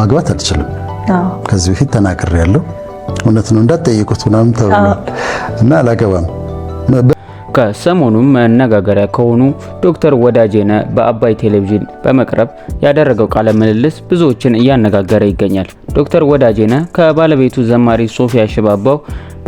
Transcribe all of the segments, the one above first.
ማግባት አልችልም። ከዚህ በፊት ተናግሬ ያለው እውነት ነው እንዳትጠየቁት ምናምን ተብሎ እና አላገባም። ከሰሞኑም መነጋገሪያ ከሆኑ ዶክተር ወዳጄነ በአባይ ቴሌቪዥን በመቅረብ ያደረገው ቃለ ምልልስ ብዙዎችን እያነጋገረ ይገኛል። ዶክተር ወዳጄነ ከባለቤቱ ዘማሪ ሶፊያ ሽባባው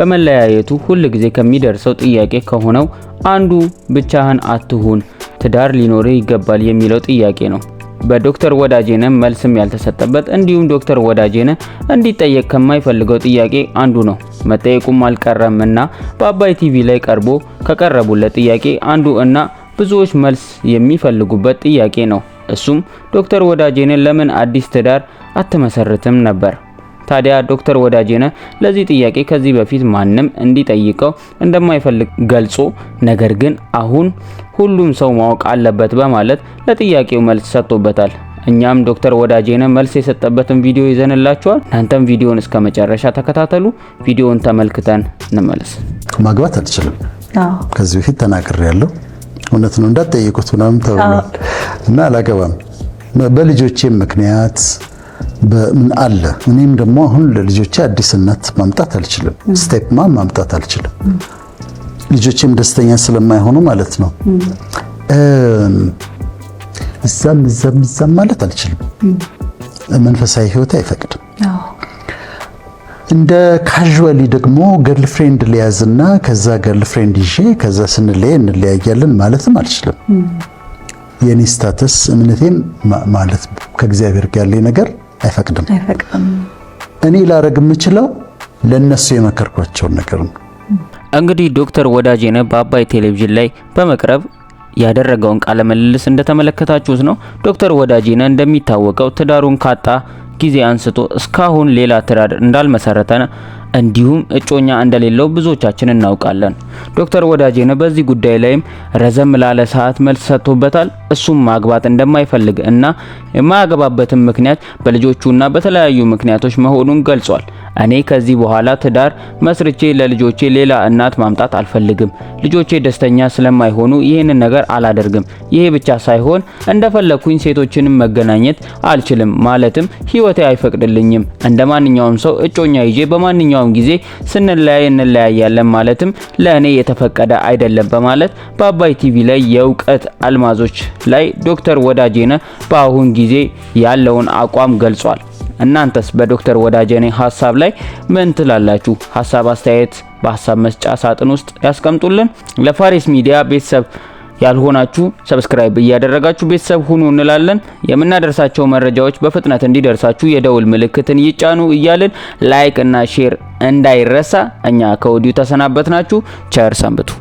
በመለያየቱ ሁል ጊዜ ከሚደርሰው ጥያቄ ከሆነው አንዱ ብቻህን አትሁን ትዳር ሊኖርህ ይገባል የሚለው ጥያቄ ነው። በዶክተር ወዳጄነ መልስም ያልተሰጠበት እንዲሁም ዶክተር ወዳጄነ እንዲጠየቅ ከማይፈልገው ጥያቄ አንዱ ነው። መጠየቁም አልቀረም እና በአባይ ቲቪ ላይ ቀርቦ ከቀረቡለት ጥያቄ አንዱ እና ብዙዎች መልስ የሚፈልጉበት ጥያቄ ነው። እሱም ዶክተር ወዳጄነ ለምን አዲስ ትዳር አትመሰርትም ነበር? ታዲያ ዶክተር ወዳጄነህ ለዚህ ጥያቄ ከዚህ በፊት ማንም እንዲጠይቀው እንደማይፈልግ ገልጾ ነገር ግን አሁን ሁሉም ሰው ማወቅ አለበት በማለት ለጥያቄው መልስ ሰጥቶበታል። እኛም ዶክተር ወዳጄነህ መልስ የሰጠበትን ቪዲዮ ይዘንላችኋል። እናንተም ቪዲዮን እስከ መጨረሻ ተከታተሉ። ቪዲዮን ተመልክተን እንመለስ። ማግባት አልችልም ከዚህ በፊት ተናግሬ ያለው እውነት ነው እንዳትጠይቁት ምናምን ተብሎ እና አላገባም በልጆቼም ምክንያት በምን አለ። እኔም ደግሞ አሁን ለልጆቼ አዲስነት ማምጣት አልችልም፣ ስቴፕማ ማምጣት አልችልም። ልጆቼም ደስተኛ ስለማይሆኑ ማለት ነው። እዛም እዛም እዛም ማለት አልችልም፣ መንፈሳዊ ህይወት አይፈቅድም። እንደ ካዥዋሊ ደግሞ ገርል ፍሬንድ ሊያዝና ከዛ ገርል ፍሬንድ ይዤ ከዛ ስንለየ እንለያያለን ማለትም አልችልም። የኔ ስታተስ እምነቴም ማለት ከእግዚአብሔር ጋር ያለኝ ነገር አይፈቅድም። እኔ ላረግ የምችለው ለእነሱ የመከርኳቸውን ነገር ነው። እንግዲህ ዶክተር ወዳጄነህ በአባይ ቴሌቪዥን ላይ በመቅረብ ያደረገውን ቃለ ምልልስ እንደተመለከታችሁት ነው። ዶክተር ወዳጄነህ እንደሚታወቀው ትዳሩን ካጣ ጊዜ አንስቶ እስካሁን ሌላ ትዳር እንዳልመሰረተ እንዲሁም እጮኛ እንደሌለው ብዙዎቻችን እናውቃለን። ዶክተር ወዳጄነህ በዚህ ጉዳይ ላይም ረዘም ላለ ሰዓት መልስ ሰጥቶበታል። እሱም ማግባት እንደማይፈልግ እና የማያገባበትም ምክንያት በልጆቹና በተለያዩ ምክንያቶች መሆኑን ገልጿል። እኔ ከዚህ በኋላ ትዳር መስርቼ ለልጆቼ ሌላ እናት ማምጣት አልፈልግም። ልጆቼ ደስተኛ ስለማይሆኑ ይህንን ነገር አላደርግም። ይሄ ብቻ ሳይሆን እንደፈለኩኝ ሴቶችንም መገናኘት አልችልም፣ ማለትም ህይወቴ አይፈቅድልኝም። እንደ ማንኛውም ሰው እጮኛ ይዤ በማንኛውም ጊዜ ስንለያይ እንለያያለን፣ ማለትም ለእኔ የተፈቀደ አይደለም በማለት በአባይ ቲቪ ላይ የእውቀት አልማዞች ላይ ዶክተር ወዳጄነ በአሁን ጊዜ ያለውን አቋም ገልጿል። እናንተስ በዶክተር ወዳጀኔ ሀሳብ ላይ ምን ትላላችሁ? ሀሳብ አስተያየት በሀሳብ መስጫ ሳጥን ውስጥ ያስቀምጡልን። ለፋሪስ ሚዲያ ቤተሰብ ያልሆናችሁ ሰብስክራይብ እያደረጋችሁ ቤተሰብ ሁኑ እንላለን። የምናደርሳቸው መረጃዎች በፍጥነት እንዲደርሳችሁ የደውል ምልክትን ይጫኑ እያልን ላይክ እና ሼር እንዳይረሳ እኛ ከወዲሁ ተሰናበትናችሁ። ቸር ሰንብቱ።